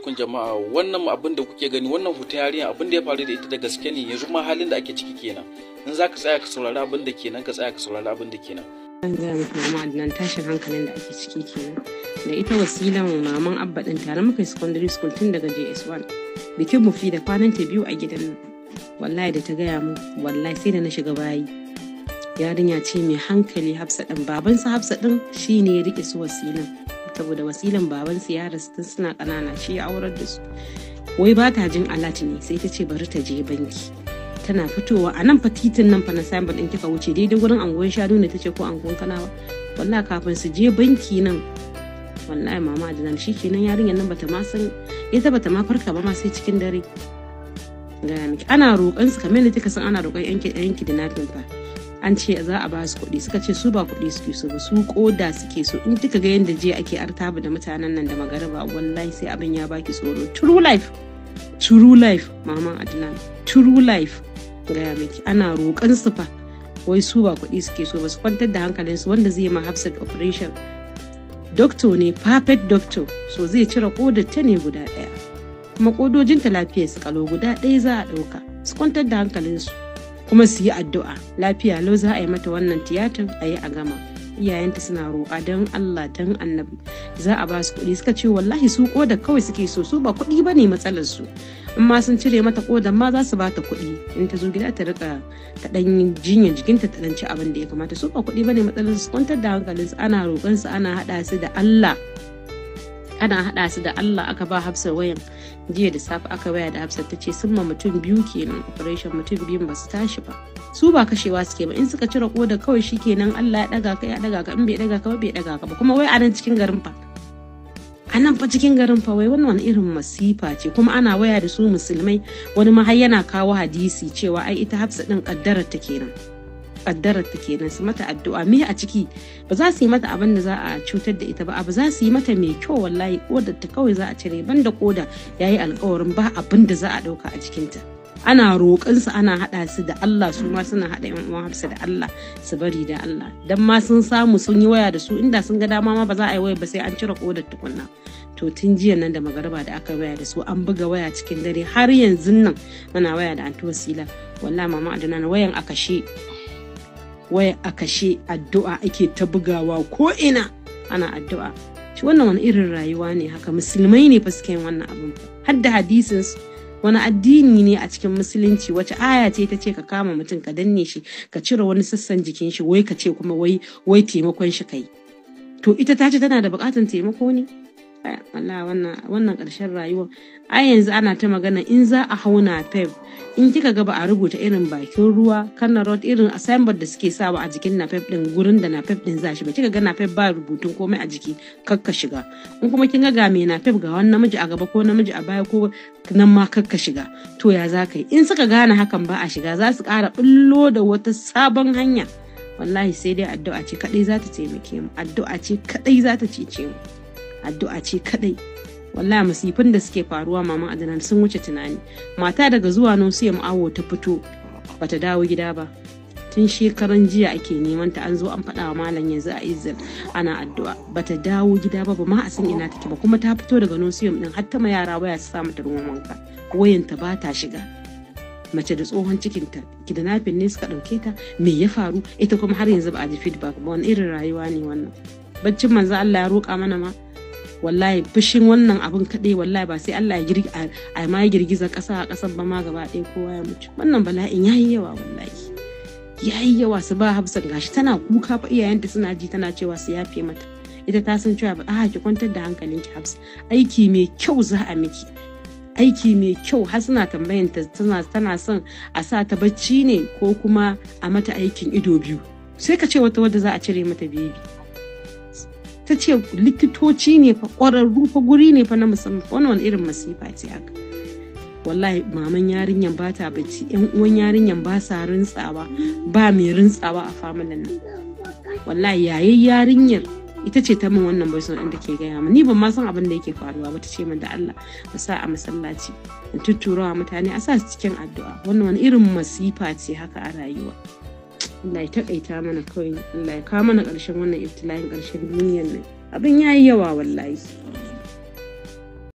alaikum jama'a wannan abin da kuke gani wannan hoton yarinya abin da ya faru da ita da gaske ne yanzu ma halin da ake ciki kenan in za ka tsaya ka saurari abin da kenan ka tsaya ka saurari abin da kenan. Zan gaya muku mama nan tashin hankalin da ake ciki kenan da ita wasilan maman abba din tare muka secondary school tun daga JS1 bikin mu fi da kwanan ta biyu a gidan nan wallahi da ta gaya mu wallahi sai da na shiga bayi yarinya ce mai hankali hafsa din babansa hafsa din shine ya rike su wasilan saboda wasilan babansu ya rasu suna kanana shi ya aurar da su wai ba ta jin alat ne sai ta ce bari ta je banki tana fitowa a nan fa titin nan fa na samun ɗin kika wuce daidai wurin anguwan shanu ne ta ce ko anguwan kanawa wallahi kafin su je banki nan wallahi mama adnan shi kenan yarinyar nan bata ma san ita bata ma farka ba ma sai cikin dare ana roƙon su kamar yadda kika san ana roƙon yanki yanki da nafin fa an ce za a ba su kuɗi suka ce su ba kuɗi suke so ba su koda suke so in kika ga yadda jiya ake artaba da mutanen nan da magaraba wallahi sai abin ya baki tsoro true life true life maman adnan true life gaya miki ana roƙan su fa wai su ba kuɗi suke so ba su kwantar da hankalinsu wanda zai ma hafsat operation doctor ne perfect doctor so zai cire kodar ta ne guda ɗaya kuma ta lafiyar su kalo guda ɗaya za a ɗauka su kwantar da hankalinsu kuma su yi addu'a lafiya lau za a yi mata wannan tiyatar a yi a gama iyayenta suna roƙa don Allah don annabi za a ba su kuɗi suka ce wallahi su koda kawai suke so su ba kuɗi ba ne matsalar su amma sun cire mata kodan ma za su ba ta kuɗi in ta zo gida ta rika ta ɗan jinya jikinta ta ɗan ci abin da ya kamata su ba kuɗi ba ne matsalar su kwantar da hankalinsu ana roƙansu ana haɗa su da Allah ana hada su da Allah aka ba Hafsa wayan jiya da safe aka waya da hafsat ta ce sun ma mutum biyu kenan operation mutum biyun ba su tashi ba su ba kashewa suke ba in suka cire koda kawai shi kenan allah ya daga ka ya daga ka in bai daga ka ba bai daga ka ba kuma wai a nan cikin garin fa a nan fa cikin garin fa wai wannan irin masifa ce kuma ana waya da su musulmai wani ma har yana kawo hadisi cewa ai ita hafsa din kaddarar ta kenan kaddarar ta kenan su mata addu'a me a ciki ba za su yi mata abin da za a cutar da ita ba ba za su yi mata mai kyau wallahi kodar ta kawai za a cire banda koda yayi alkawarin ba abin da za a dauka a cikinta ana su ana haɗa su da Allah su ma suna haɗa yan uwan Hafsa da Allah su bari da Allah dan ma sun samu sun yi waya da su inda sun ga dama ma ba za a yi waya ba sai an cire kodar tukunna to tun jiya nan da magarba da aka waya da su an buga waya cikin dare har yanzu nan muna waya da antuwasila wallahi mama adana wayan a kashe waya a kashe addu'a ake ta bugawa ko ina ana addu'a shi wannan wani irin rayuwa ne haka musulmai ne fuska yin wannan abin har da hadisin wani addini ne a cikin musulunci wace aya ce ta ce ka kama mutum ka danne shi ka cire wani sassan jikin shi wai ka ce kuma wai wai taimakon shi kai to ita ta ce tana da bukatan taimako ne Allah wannan ƙarshen rayuwa ai yanzu ana ta magana in za a hauna pep in kika ga ba a rubuta irin bakin ruwa Kana rot irin assignment da suke sawa a jikin pep din gurin da na pep din za shi ba kika ga pep ba rubutun komai a jiki kakka shiga in kuma kin ga game na pep ga wani namiji a gaba ko namiji a baya ko nan ma kakka shiga to ya za ka yi in suka gane hakan ba a shiga za su ƙara bullo da wata sabon hanya wallahi sai dai addu'a ce kaɗai za ta taimake mu addu'a ce kadai za ta cece mu addu'a ce kadai wallahi masifin da suke faruwa mama adnan sun wuce tunani mata daga zuwa nusiyam awo ta fito bata dawo gida ba tun shekaran jiya ake neman ta an zo an faɗa wa malam yanzu a izil ana addu'a bata dawo gida ba ba ma a san ina take ba kuma ta fito daga sai din har ma yara waya su sa ta ruwan wanka wayanta ba ta shiga mace da tsohon cikin cikinta kidnapping ne suka ɗauke ta me ya faru ita kuma har yanzu ba a ji feedback ba wani irin rayuwa ne wannan baccin manzo Allah ya roƙa mana ma wallahi fushin wannan abin kaɗai wallahi ba sai Allah ya a ma girgiza ƙasa a ƙasar ba ma gaba ɗaya kowa ya mutu wannan bala'in yayi yawa wallahi yi yawa su ba hafsan gashi tana kuka fa iyayenta suna ji tana cewa su yafe mata ita ta san cewa ba a ki kwantar da hankalin ki hafsa aiki mai kyau za a miki aiki mai kyau har suna tambayan ta tana tana son a sa ta bacci ne ko kuma a mata aikin ido biyu sai ka ce wata wadda za a cire mata bebi ta ce likitoci ne fa ƙwararru fa guri ne fa na musamman wani wani irin masifa ce haka wallahi maman yarinyan ba ta bacci yan uwan yarinyar ba sa rintsawa ba mai rintsawa a familin nan wallahi yayin yarinyar ita ce ta min wannan voice note da ke gaya min ni ban ma san abin da yake faruwa ba ta ce min da Allah a sa a masallaci in tutturawa mutane a sa cikin addu'a wannan wani irin masifa ce haka a rayuwa Allah ya takaita mana kawai Allah ya kawo mana ƙarshen wannan iftila'in ƙarshen duniyar nan abin ya yi yawa wallahi